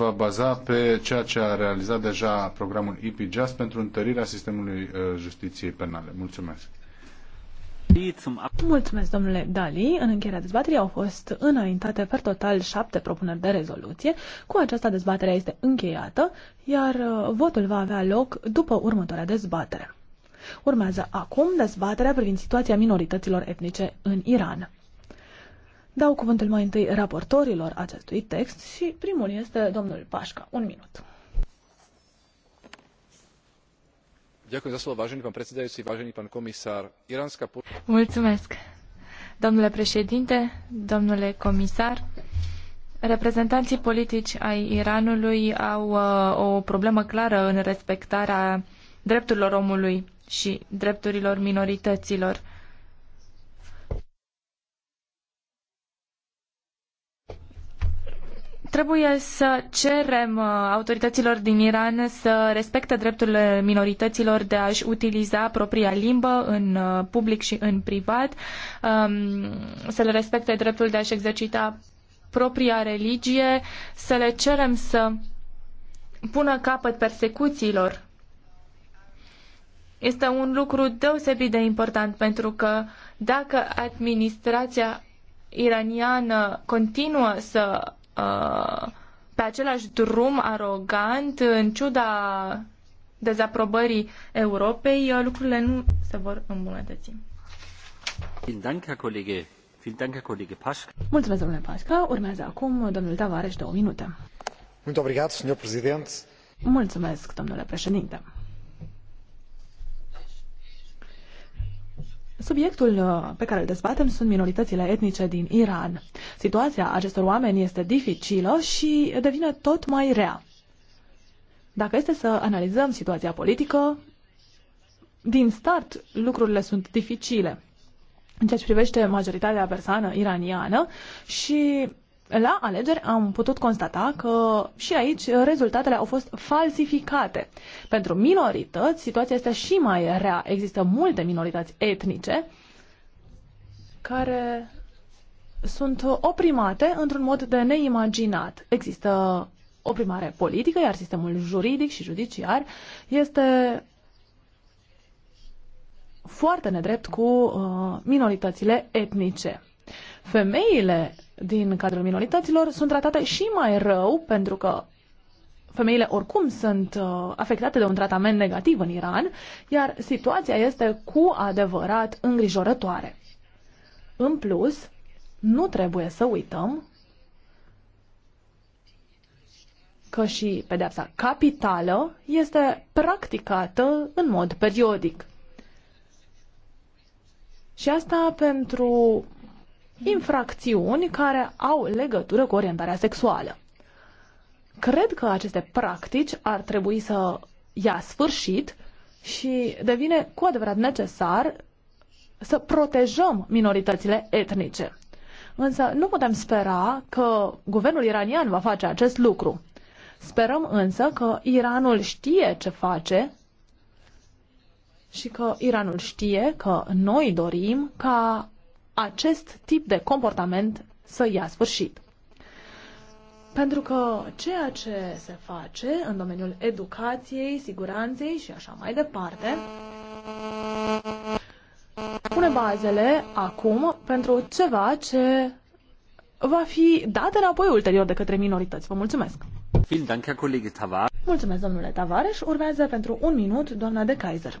va baza pe ceea ce a realizat deja programul IPJAS pentru întărirea sistemului uh, justiției penale. Mulțumesc! Mulțumesc, domnule Dali. În încheierea dezbaterii au fost înaintate per total șapte propuneri de rezoluție. Cu aceasta dezbaterea este încheiată, iar uh, votul va avea loc după următoarea dezbatere. Urmează acum dezbaterea privind situația minorităților etnice în Iran. Dau cuvântul mai întâi raportorilor acestui text și primul este domnul Pașca. Un minut. Mulțumesc. Domnule președinte, domnule comisar, reprezentanții politici ai Iranului au uh, o problemă clară în respectarea drepturilor omului și drepturilor minorităților. Trebuie să cerem uh, autorităților din Iran să respecte drepturile minorităților de a-și utiliza propria limbă în uh, public și în privat, um, să le respecte dreptul de a-și exercita propria religie, să le cerem să pună capăt persecuțiilor. Este un lucru deosebit de important pentru că dacă administrația iraniană continuă să Uh, pe același drum arogant, în ciuda dezaprobării Europei, uh, lucrurile nu se vor îmbunătăți. Mulțumesc, domnule Pașca. Urmează acum domnul Tavares două minute. Mulțumesc, domnule președinte. Subiectul uh, pe care îl dezbatem sunt minoritățile etnice din Iran. Situația acestor oameni este dificilă și devine tot mai rea. Dacă este să analizăm situația politică, din start lucrurile sunt dificile în ceea ce privește majoritatea persoană iraniană și la alegeri am putut constata că și aici rezultatele au fost falsificate. Pentru minorități, situația este și mai rea. Există multe minorități etnice care sunt oprimate într-un mod de neimaginat. Există oprimare politică, iar sistemul juridic și judiciar este foarte nedrept cu uh, minoritățile etnice. Femeile din cadrul minorităților sunt tratate și mai rău pentru că femeile oricum sunt uh, afectate de un tratament negativ în Iran, iar situația este cu adevărat îngrijorătoare. În plus, nu trebuie să uităm că și pedepsa capitală este practicată în mod periodic. Și asta pentru infracțiuni care au legătură cu orientarea sexuală. Cred că aceste practici ar trebui să ia sfârșit și devine cu adevărat necesar să protejăm minoritățile etnice. Însă nu putem spera că guvernul iranian va face acest lucru. Sperăm însă că Iranul știe ce face și că Iranul știe că noi dorim ca acest tip de comportament să ia sfârșit. Pentru că ceea ce se face în domeniul educației, siguranței și așa mai departe, pune bazele acum pentru ceva ce va fi dat înapoi ulterior de către minorități. Vă mulțumesc! Mulțumesc, domnule Tavares. Urmează pentru un minut doamna de Kaiser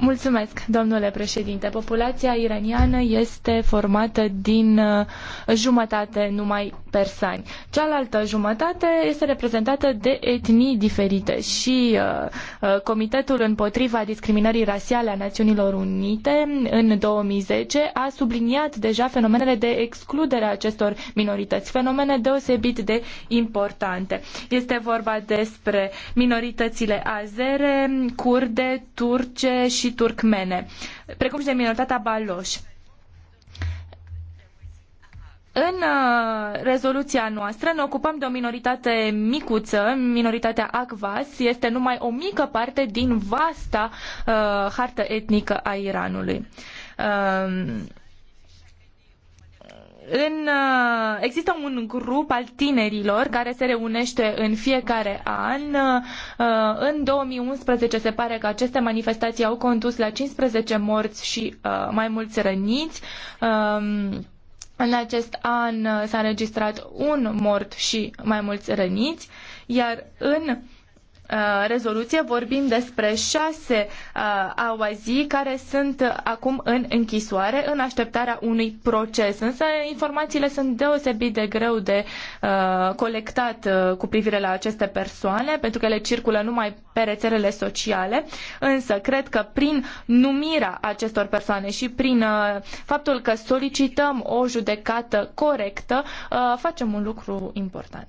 Mulțumesc, domnule președinte. Populația iraniană este formată din uh, jumătate numai persani. Cealaltă jumătate este reprezentată de etnii diferite și uh, uh, Comitetul împotriva discriminării rasiale a Națiunilor Unite în 2010 a subliniat deja fenomenele de excludere a acestor minorități, fenomene deosebit de importante. Este vorba despre minoritățile azere, curde, turce și turcmene, precum și de minoritatea baloș. În uh, rezoluția noastră ne ocupăm de o minoritate micuță, minoritatea Akvas, este numai o mică parte din vasta uh, hartă etnică a Iranului. Uh, în, uh, există un grup al tinerilor care se reunește în fiecare an. Uh, în 2011 se pare că aceste manifestații au condus la 15 morți și uh, mai mulți răniți. Um, în acest an s-a înregistrat un mort și mai mulți răniți, iar în Uh, rezoluție vorbim despre șase uh, awazii care sunt acum în închisoare în așteptarea unui proces. Însă informațiile sunt deosebit de greu de uh, colectat cu privire la aceste persoane pentru că ele circulă numai pe rețelele sociale. Însă cred că prin numirea acestor persoane și prin faptul că solicităm o judecată corectă facem un lucru important.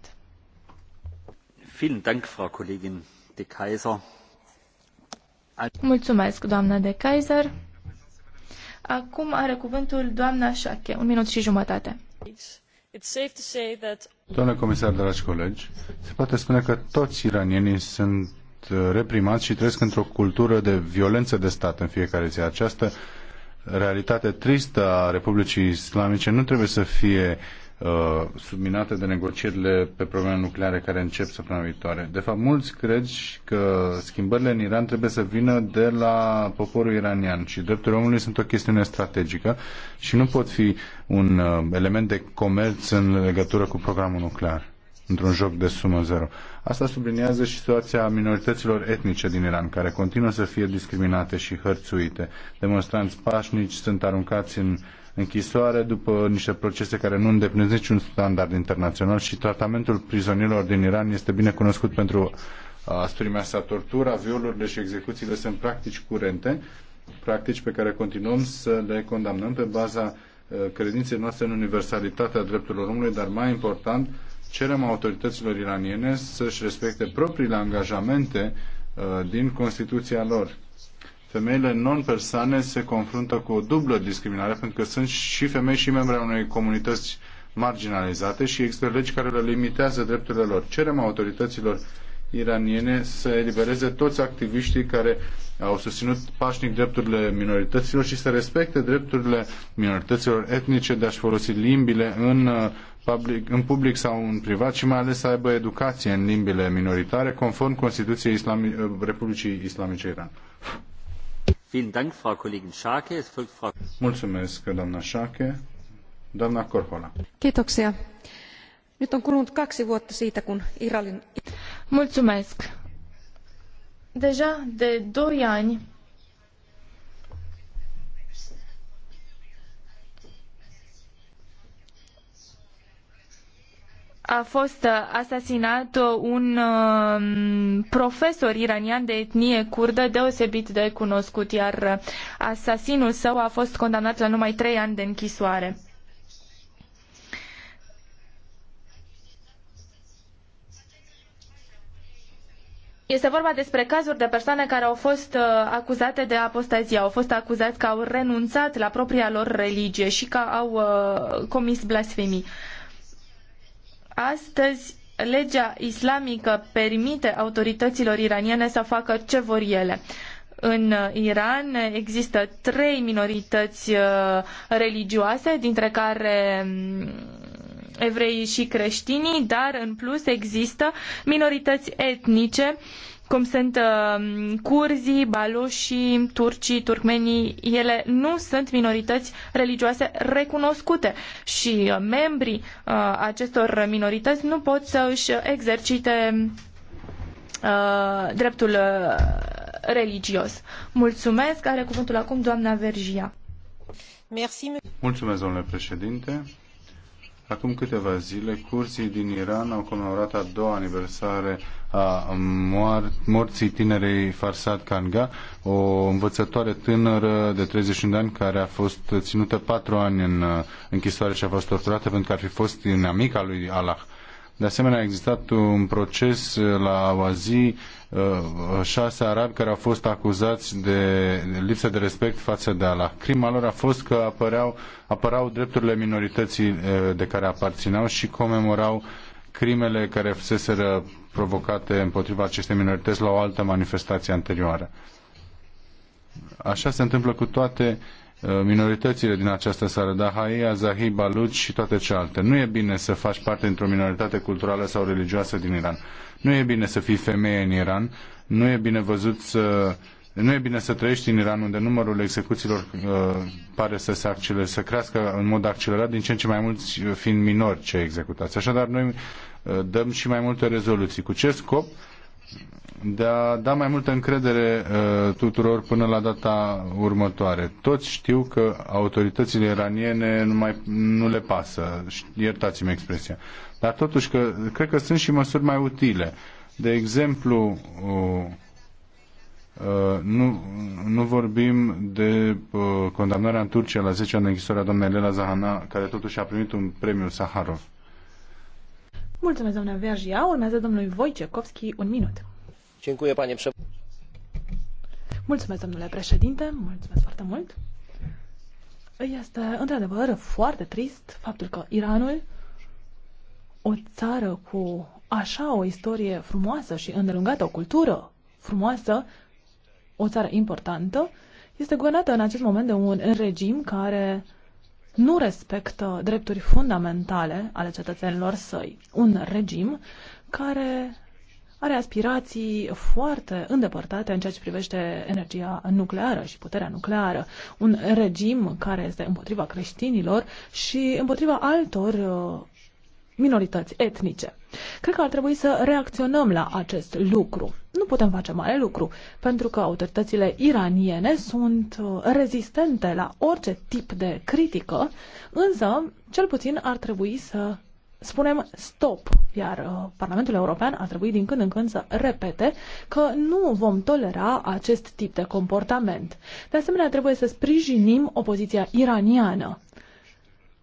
Mulțumesc, de Kaiser. Acum are cuvântul un minut și jumătate. Domnule comisar, dragi colegi, se poate spune că toți iranienii sunt uh, reprimați și trăiesc într-o cultură de violență de stat în fiecare zi. Această realitate tristă a Republicii Islamice nu trebuie să fie Uh, subminate de negocierile pe probleme nucleare care încep săptămâna viitoare. De fapt, mulți cred că schimbările în Iran trebuie să vină de la poporul iranian și drepturile omului sunt o chestiune strategică și nu pot fi un uh, element de comerț în legătură cu programul nuclear într-un joc de sumă zero. Asta subliniază și situația minorităților etnice din Iran, care continuă să fie discriminate și hărțuite. Demonstranți pașnici sunt aruncați în uh, închisoare după niște procese care nu îndeplinesc niciun standard internațional și tratamentul prizonierilor din Iran este bine cunoscut pentru asprimea sa tortura, violurile și execuțiile sunt practici curente, practici pe care continuăm să le condamnăm pe baza credinței noastre în universalitatea drepturilor omului, dar mai important, cerem autorităților iraniene să-și respecte propriile angajamente din Constituția lor femeile non-persane se confruntă cu o dublă discriminare pentru că sunt și femei și membre ale unei comunități marginalizate și există legi care le limitează drepturile lor. Cerem autorităților iraniene să elibereze toți activiștii care au susținut pașnic drepturile minorităților și să respecte drepturile minorităților etnice de a-și folosi limbile în uh, public, în public sau în privat și mai ales să aibă educație în limbile minoritare conform Constituției Islami- uh, Republicii Islamice Iran. Mulțumesc, Nyt on kulunut kaksi vuotta siitä, kun Mulțumesc. Deja de doi ani a fost uh, asasinat uh, un um, profesor iranian de etnie curdă deosebit de cunoscut, iar uh, asasinul său a fost condamnat la numai trei ani de închisoare. Este vorba despre cazuri de persoane care au fost acuzate de apostazie, au fost acuzați că au renunțat la propria lor religie și că au comis blasfemii. Astăzi, legea islamică permite autorităților iraniene să facă ce vor ele. În Iran există trei minorități uh, religioase, dintre care mm, evreii și creștinii, dar în plus există minorități etnice cum sunt uh, curzii, baloșii, turcii, turcmenii, ele nu sunt minorități religioase recunoscute și uh, membrii uh, acestor minorități nu pot să își exercite uh, dreptul uh, religios. Mulțumesc, are cuvântul acum doamna Vergia. Mulțumesc, domnule președinte. Acum câteva zile, curții din Iran au comemorat a doua aniversare a moar- morții tinerei Farsad Kanga, o învățătoare tânără de 31 de ani care a fost ținută patru ani în uh, închisoare și a fost torturată pentru că ar fi fost inamica lui Allah. De asemenea, a existat un proces la Oazi, uh, șase arabi care au fost acuzați de lipsă de respect față de Allah. Crima lor a fost că apăreau, apărau drepturile minorității uh, de care aparțineau și comemorau crimele care fuseseră provocate împotriva acestei minorități la o altă manifestație anterioară. Așa se întâmplă cu toate uh, Uh, minoritățile din această țară, Dahaia, Zahi, Baluci și toate celelalte. Nu e bine să faci parte într o minoritate culturală sau religioasă din Iran. Nu e bine să fii femeie în Iran. Nu e bine văzut să... Nu e bine să trăiești în Iran, unde numărul execuțiilor uh, pare să se accele, să crească în mod accelerat, din ce în ce mai mulți fiind minori ce executați. Așadar, noi uh, dăm și mai multe rezoluții. Cu ce scop? de a da mai multă încredere uh, tuturor până la data următoare. Toți știu că autoritățile iraniene nu, mai, nu le pasă, iertați-mi expresia. Dar totuși, că, cred că sunt și măsuri mai utile. De exemplu, uh, uh, nu, nu vorbim de uh, condamnarea în Turcia la 10 ani în închisoare doamnei Lela Zahana, care totuși a primit un premiu Saharov. Mulțumesc, doamna Vergia. Urmează domnului Wojciechowski un minut. Mulțumesc, domnule președinte, mulțumesc foarte mult. Este într-adevăr foarte trist faptul că Iranul, o țară cu așa o istorie frumoasă și îndelungată, o cultură frumoasă, o țară importantă, este guvernată în acest moment de un regim care nu respectă drepturi fundamentale ale cetățenilor săi. Un regim care are aspirații foarte îndepărtate în ceea ce privește energia nucleară și puterea nucleară. Un regim care este împotriva creștinilor și împotriva altor uh, minorități etnice. Cred că ar trebui să reacționăm la acest lucru. Nu putem face mare lucru, pentru că autoritățile iraniene sunt uh, rezistente la orice tip de critică, însă, cel puțin ar trebui să spunem stop, iar uh, Parlamentul European ar trebui din când în când să repete că nu vom tolera acest tip de comportament. De asemenea, trebuie să sprijinim opoziția iraniană.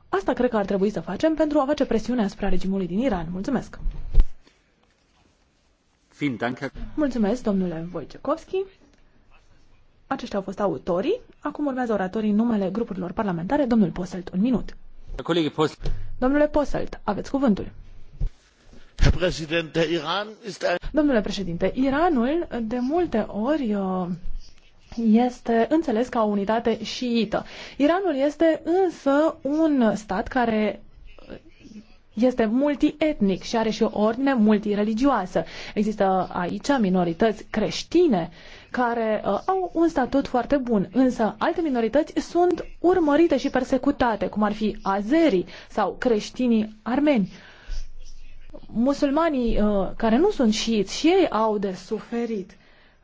Asta cred că ar trebui să facem pentru a face presiune asupra regimului din Iran. Mulțumesc! Mulțumesc, domnule Wojciechowski. Aceștia au fost autorii. Acum urmează oratorii numele grupurilor parlamentare. Domnul Poselt, un minut. Domnule Posselt, aveți cuvântul. Domnule președinte, Iranul de multe ori uh, este înțeles ca o unitate șiită. Iranul este însă un stat care este multietnic și are și o ordine multireligioasă. Există aici minorități creștine care uh, au un statut foarte bun, însă alte minorități sunt urmărite și persecutate, cum ar fi azerii sau creștinii armeni. Musulmanii uh, care nu sunt șiiți și ei au de suferit.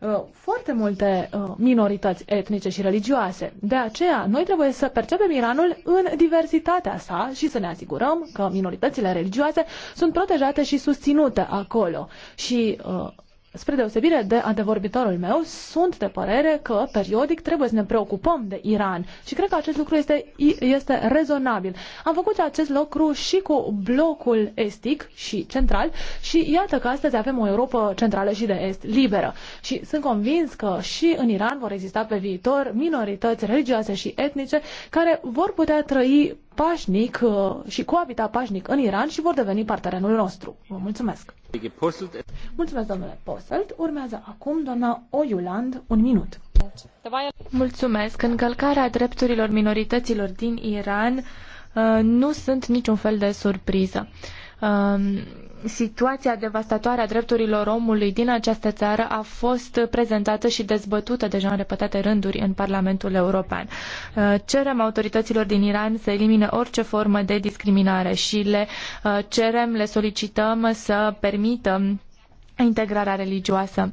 Uh, foarte multe uh, minorități etnice și religioase. De aceea, noi trebuie să percepem Iranul în diversitatea sa și să ne asigurăm că minoritățile religioase sunt protejate și susținute acolo. Și uh, spre deosebire de antevorbitorul meu, sunt de părere că periodic trebuie să ne preocupăm de Iran și cred că acest lucru este, este rezonabil. Am făcut acest lucru și cu blocul estic și central și iată că astăzi avem o Europa centrală și de est liberă. Și sunt convins că și în Iran vor exista pe viitor minorități religioase și etnice care vor putea trăi pașnic uh, și coabita pașnic în Iran și vor deveni partenerul nostru. Vă mulțumesc! Mulțumesc, domnule Poselt. Urmează acum doamna Oiuland, un minut. Mulțumesc! Încălcarea drepturilor minorităților din Iran uh, nu sunt niciun fel de surpriză. Um, situația devastatoare a drepturilor omului din această țară a fost prezentată și dezbătută deja în repetate rânduri în Parlamentul European. Uh, cerem autorităților din Iran să elimine orice formă de discriminare și le uh, cerem, le solicităm să permită integrarea religioasă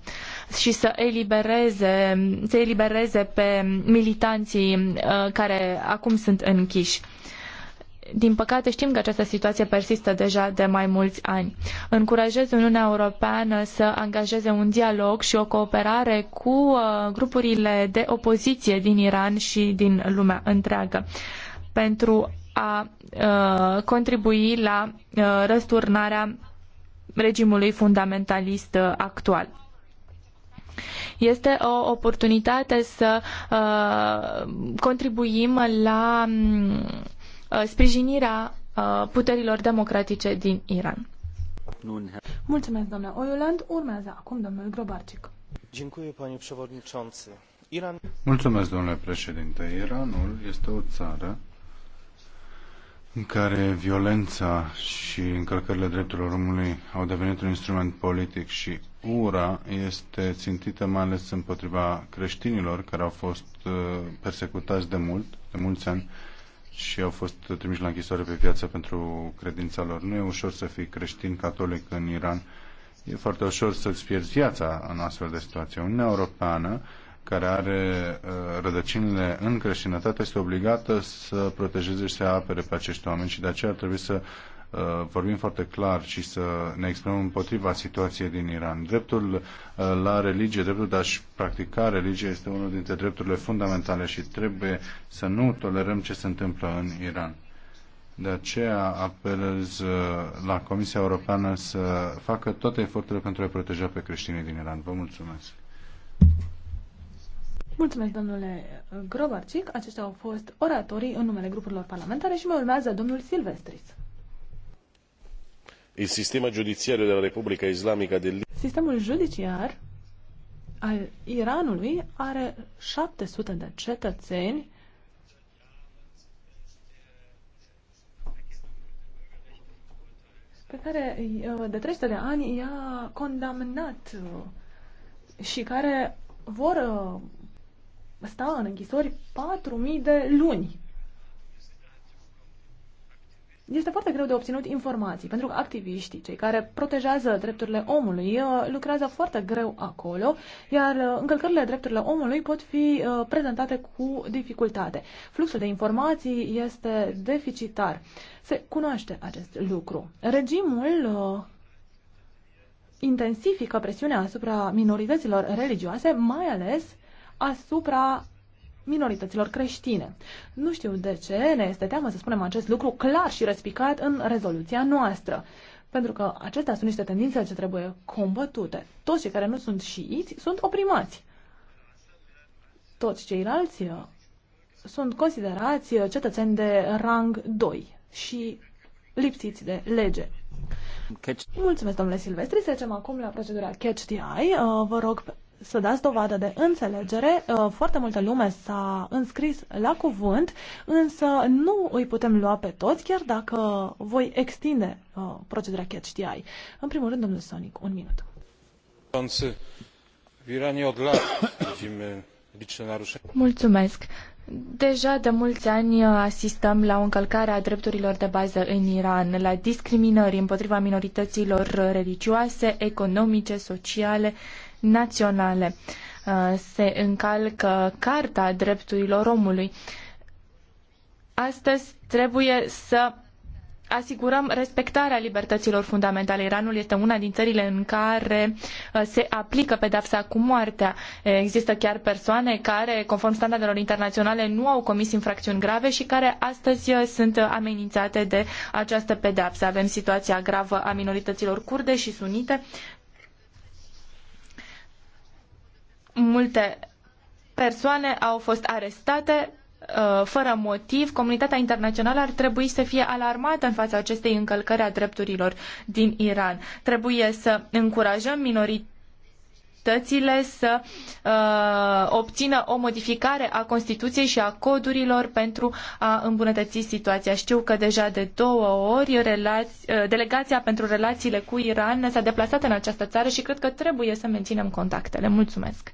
și să elibereze, să elibereze pe militanții uh, care acum sunt închiși din păcate știm că această situație persistă deja de mai mulți ani. Încurajez Uniunea Europeană să angajeze un dialog și o cooperare cu uh, grupurile de opoziție din Iran și din lumea întreagă pentru a uh, contribui la uh, răsturnarea regimului fundamentalist actual. Este o oportunitate să contribuim la mm, Uh, sprijinirea uh, puterilor democratice din Iran. Mulțumesc, domnule Oiuland. Urmează acum domnul Grobarcic. Mulțumesc, domnule președinte. Iranul este o țară în care violența și încălcările drepturilor omului au devenit un instrument politic și ura este țintită mai ales împotriva creștinilor care au fost uh, persecutați de mult, de mulți ani, și au fost trimiși la închisoare pe piață pentru credința lor. Nu e ușor să fii creștin catolic în Iran. E foarte ușor să-ți pierzi viața în astfel de situație. Uniunea Europeană, care are uh, rădăcinile în creștinătate, este obligată să protejeze și să apere pe acești oameni și de aceea ar trebui să Uh, vorbim foarte clar și să ne exprimăm împotriva situației din Iran. Dreptul uh, la religie, dreptul de a-și practica religie este unul dintre drepturile fundamentale și trebuie să nu tolerăm ce se întâmplă în Iran. De aceea apelez uh, la Comisia Europeană să facă toate eforturile pentru a proteja pe creștinii din Iran. Vă mulțumesc! Mulțumesc, domnule Grobarcic. Aceștia au fost oratorii în numele grupurilor parlamentare și mai urmează domnul Silvestris. Il sistema giudiziario della Repubblica Islamica dell'Iran. Sistemul judiciar al Iranului are 700 de cetățeni pe care uh, de 300 de ani i-a condamnat uh, și care vor uh, sta în închisori 4.000 de luni este foarte greu de obținut informații, pentru că activiștii, cei care protejează drepturile omului, uh, lucrează foarte greu acolo, iar uh, încălcările drepturilor omului pot fi uh, prezentate cu dificultate. Fluxul de informații este deficitar. Se cunoaște acest lucru. Regimul intensifică presiunea asupra minorităților religioase, mai ales asupra minorităților creștine. Nu știu de ce ne este teamă să spunem acest lucru clar și răspicat în rezoluția noastră. Pentru că acestea sunt niște tendințe ce trebuie combătute. Toți cei care nu sunt șiiți sunt oprimați. Toți ceilalți uh, sunt considerați uh, cetățeni de rang 2 și lipsiți de lege. Catch. Mulțumesc, domnule Silvestri. Să trecem acum la procedura Catch the Eye. Uh, vă rog să dați dovadă de înțelegere. Uh, foarte multă lume s-a înscris la cuvânt, însă nu îi putem lua pe toți, chiar dacă voi extinde uh, procedura Catch DI. În primul rând, domnul Sonic, un minut. Mulțumesc. Deja de mulți ani asistăm la o încălcare a drepturilor de bază în Iran, la discriminări împotriva minorităților religioase, economice, sociale naționale. Uh, se încalcă Carta Drepturilor Omului. Astăzi trebuie să asigurăm respectarea libertăților fundamentale. Iranul este una din țările în care uh, se aplică pedapsa cu moartea. Există chiar persoane care, conform standardelor internaționale, nu au comis infracțiuni grave și care astăzi uh, sunt amenințate de această pedapsă. Avem situația gravă a minorităților kurde și sunite multe persoane au fost arestate uh, fără motiv, comunitatea internațională ar trebui să fie alarmată în fața acestei încălcări a drepturilor din Iran. Trebuie să încurajăm minoritățile să uh, obțină o modificare a Constituției și a codurilor pentru a îmbunătăți situația. Știu că deja de două ori relați, uh, delegația pentru relațiile cu Iran s-a deplasat în această țară și cred că trebuie să menținem contactele. Mulțumesc!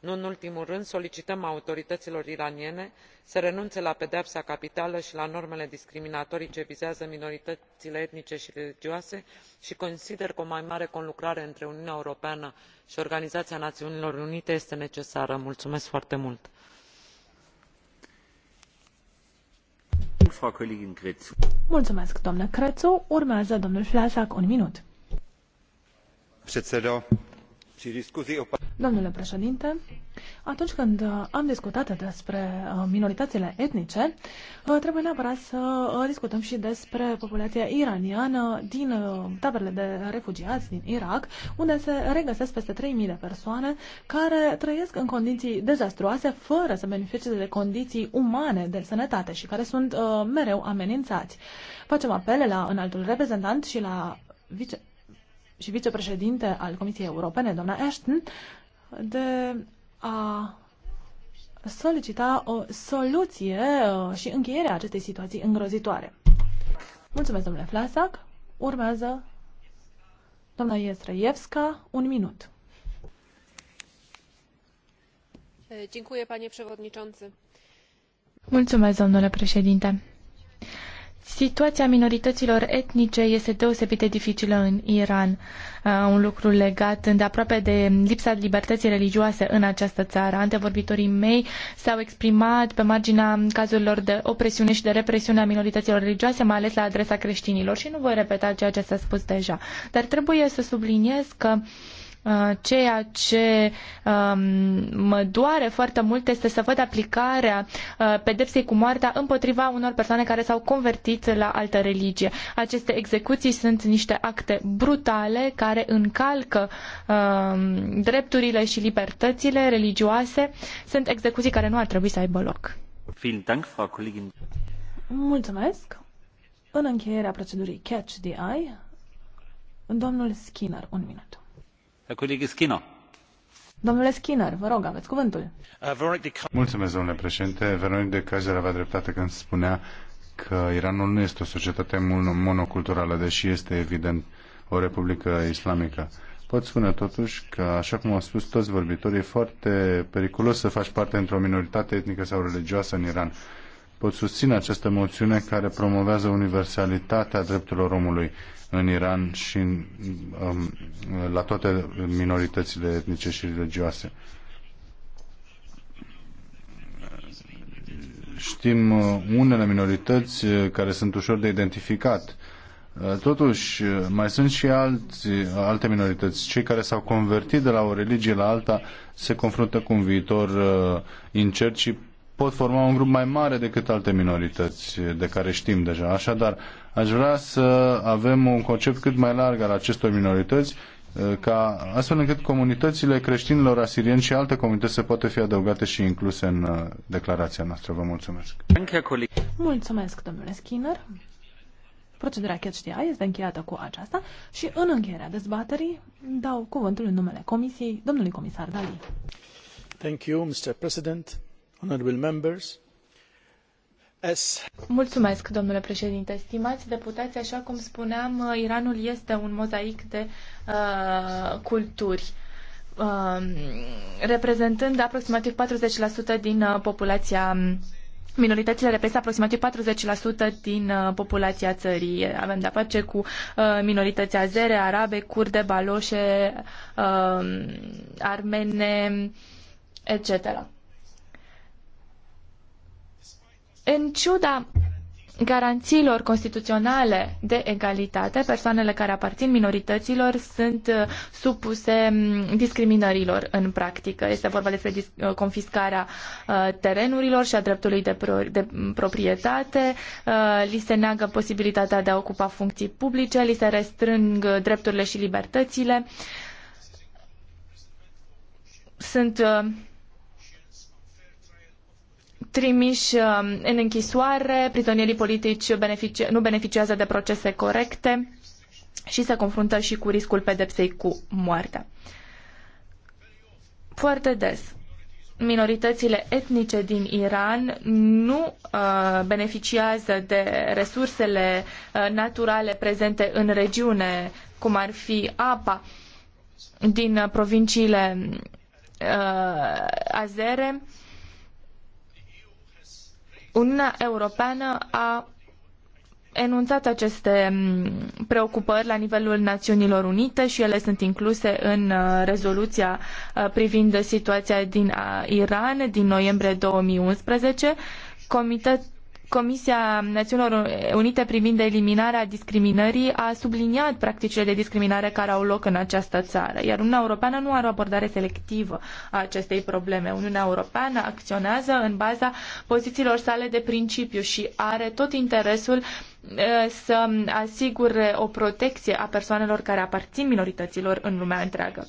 nu în ultimul rând solicităm autorităilor iraniene să renune la pedeapsa capitală i la normele discriminatorii ce vizează minorităile etnice i religioase i consider că o mai mare conlucrare între uniunea europeană i organizaia naiunilor unite este necesară. foarte mult! Mulțumesc, Urmează domnul un minut. Domnule președinte, atunci când am discutat despre uh, minoritățile etnice, trebuie neapărat să uh, discutăm și despre populația iraniană din uh, taberele de refugiați din Irak, unde se regăsesc peste 3.000 de persoane care trăiesc în condiții dezastruoase, fără să beneficieze de condiții umane de sănătate și care sunt mereu amenințați. Facem apele la înaltul reprezentant și la vice și vicepreședinte al Comisiei Europene, doamna Ashton, de a solicita o soluție uh, și încheierea acestei situații îngrozitoare. Mulțumesc, domnule Flasac. Urmează doamna Iestrăievska, un minut. Mulțumesc, domnule președinte. Situația minorităților etnice este deosebit de dificilă în Iran, uh, un lucru legat îndeaproape de lipsa libertății religioase în această țară. Antevorbitorii mei s-au exprimat pe marginea cazurilor de opresiune și de represiune a minorităților religioase, mai ales la adresa creștinilor și nu voi repeta ceea ce s-a spus deja. Dar trebuie să subliniez că uh, Uh, ceea ce um, mă doare foarte mult este să văd aplicarea uh, pedepsei cu moartea împotriva unor persoane care s-au convertit la altă religie. Aceste execuții sunt niște acte brutale care încalcă um, drepturile și libertățile religioase. Sunt execuții care nu ar trebui să aibă loc. Mulțumesc. În încheierea procedurii Catch the Eye, domnul Skinner, un minut. Domnule Skinner, vă rog, cuvântul. Uh, Mulțumesc, președinte. Veronic de keyser avea dreptate când spunea că Iranul nu este o societate monoculturală, deși este evident o republică islamică. Pot spune totuși că, așa cum au spus toți vorbitorii, e foarte periculos să faci parte într-o minoritate etnică sau religioasă în Iran pot susține această moțiune care promovează universalitatea drepturilor omului în Iran și în, um, um, la toate minoritățile etnice și religioase. Știm uh, unele minorități uh, care sunt ușor de identificat. Uh, totuși, mai sunt și alți, alte minorități. Cei care s-au convertit de la o religie la alta se confruntă cu un viitor uh, incert și pot forma un grup mai mare decât alte minorități de care știm deja. Așadar, aș vrea să avem un concept cât mai larg al acestor minorități, eh, ca astfel încât comunitățile creștinilor asirieni și alte comunități să poată fi adăugate și incluse în eh, declarația noastră. Vă mulțumesc. Mulțumesc, domnule Skinner. Procedura Catch este încheiată cu aceasta și în încheierea dezbaterii dau cuvântul în numele Comisiei domnului comisar Dali. Thank you, Mr. President. Mulțumesc, domnule președinte. Stimați deputați, așa cum spuneam, uh, Iranul este un mozaic de uh, culturi, uh, reprezentând aproximativ 40% din uh, populația um, Minoritățile reprezintă aproximativ 40% din uh, populația țării. Avem de-a face cu uh, minorități azere, arabe, curde, baloșe, um, armene, etc. În ciuda garanțiilor constituționale de egalitate, persoanele care aparțin minorităților sunt uh, supuse mm, discriminărilor în practică. Este vorba despre uh, confiscarea uh, terenurilor și a dreptului de, pro de mm, proprietate, li se neagă posibilitatea de a ocupa funcții publice, li se restrâng drepturile și libertățile. Sunt trimiși um, în închisoare, prizonierii politici nu beneficiază de procese corecte și se confruntă și cu riscul pedepsei cu moartea. Foarte des, minoritățile etnice din Iran nu uh, beneficiază de resursele uh, naturale prezente în regiune, cum ar fi apa din uh, provinciile uh, azere, uh, Uniunea Europeană a enunțat aceste mm, preocupări la nivelul Națiunilor Unite și ele sunt incluse în uh, rezoluția uh, privind situația din uh, Iran din noiembrie 2011. Comitetul Comisia Națiunilor Unite privind eliminarea discriminării a subliniat practicile de discriminare care au loc în această țară, iar Uniunea Europeană nu are o abordare selectivă a acestei probleme. Uniunea Europeană acționează în baza pozițiilor sale de principiu și are tot interesul să asigure o protecție a persoanelor care aparțin minorităților în lumea întreagă.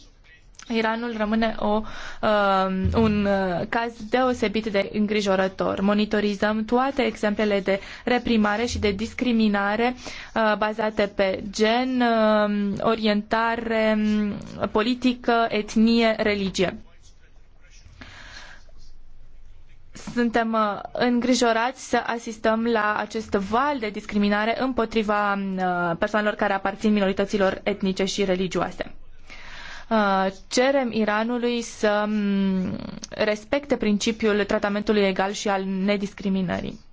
Iranul rămâne o, uh, un uh, caz deosebit de îngrijorător. Monitorizăm toate exemplele de reprimare și de discriminare uh, bazate pe gen, um, orientare um, politică, etnie, religie. Suntem uh, îngrijorați să asistăm la acest val de discriminare împotriva uh, persoanelor care aparțin minorităților etnice și religioase. Uh, cerem Iranului să mm, respecte principiul tratamentului egal și al nediscriminării.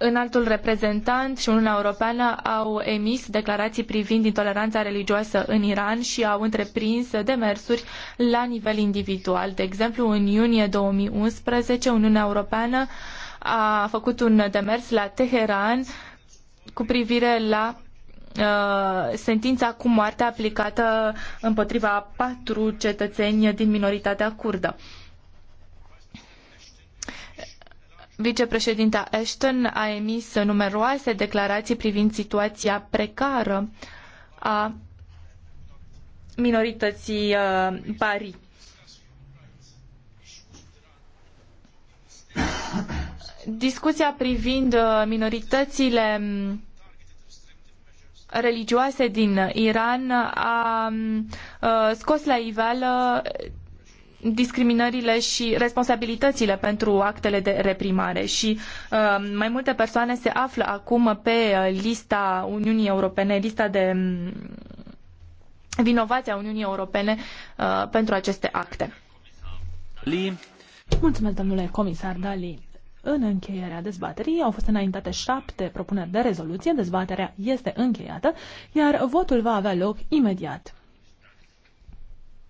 înaltul reprezentant și Uniunea Europeană au emis declarații privind intoleranța religioasă în Iran și au întreprins demersuri la nivel individual. De exemplu, în iunie 2011, Uniunea Europeană a făcut un demers la Teheran cu privire la uh, sentința cu moarte aplicată împotriva patru cetățeni din minoritatea kurdă. Vicepreședinta Ashton a emis numeroase declarații privind situația precară a minorității uh, Paris. discuția privind uh, minoritățile religioase din Iran a uh, scos la iveală discriminările și responsabilitățile pentru actele de reprimare și uh, mai multe persoane se află acum pe lista Uniunii Europene, lista de vinovați a Uniunii Europene pentru aceste acte. Mulțumesc, domnule comisar Dali. În încheierea dezbaterii au fost înaintate șapte propuneri de rezoluție, dezbaterea este încheiată, iar votul va avea loc imediat.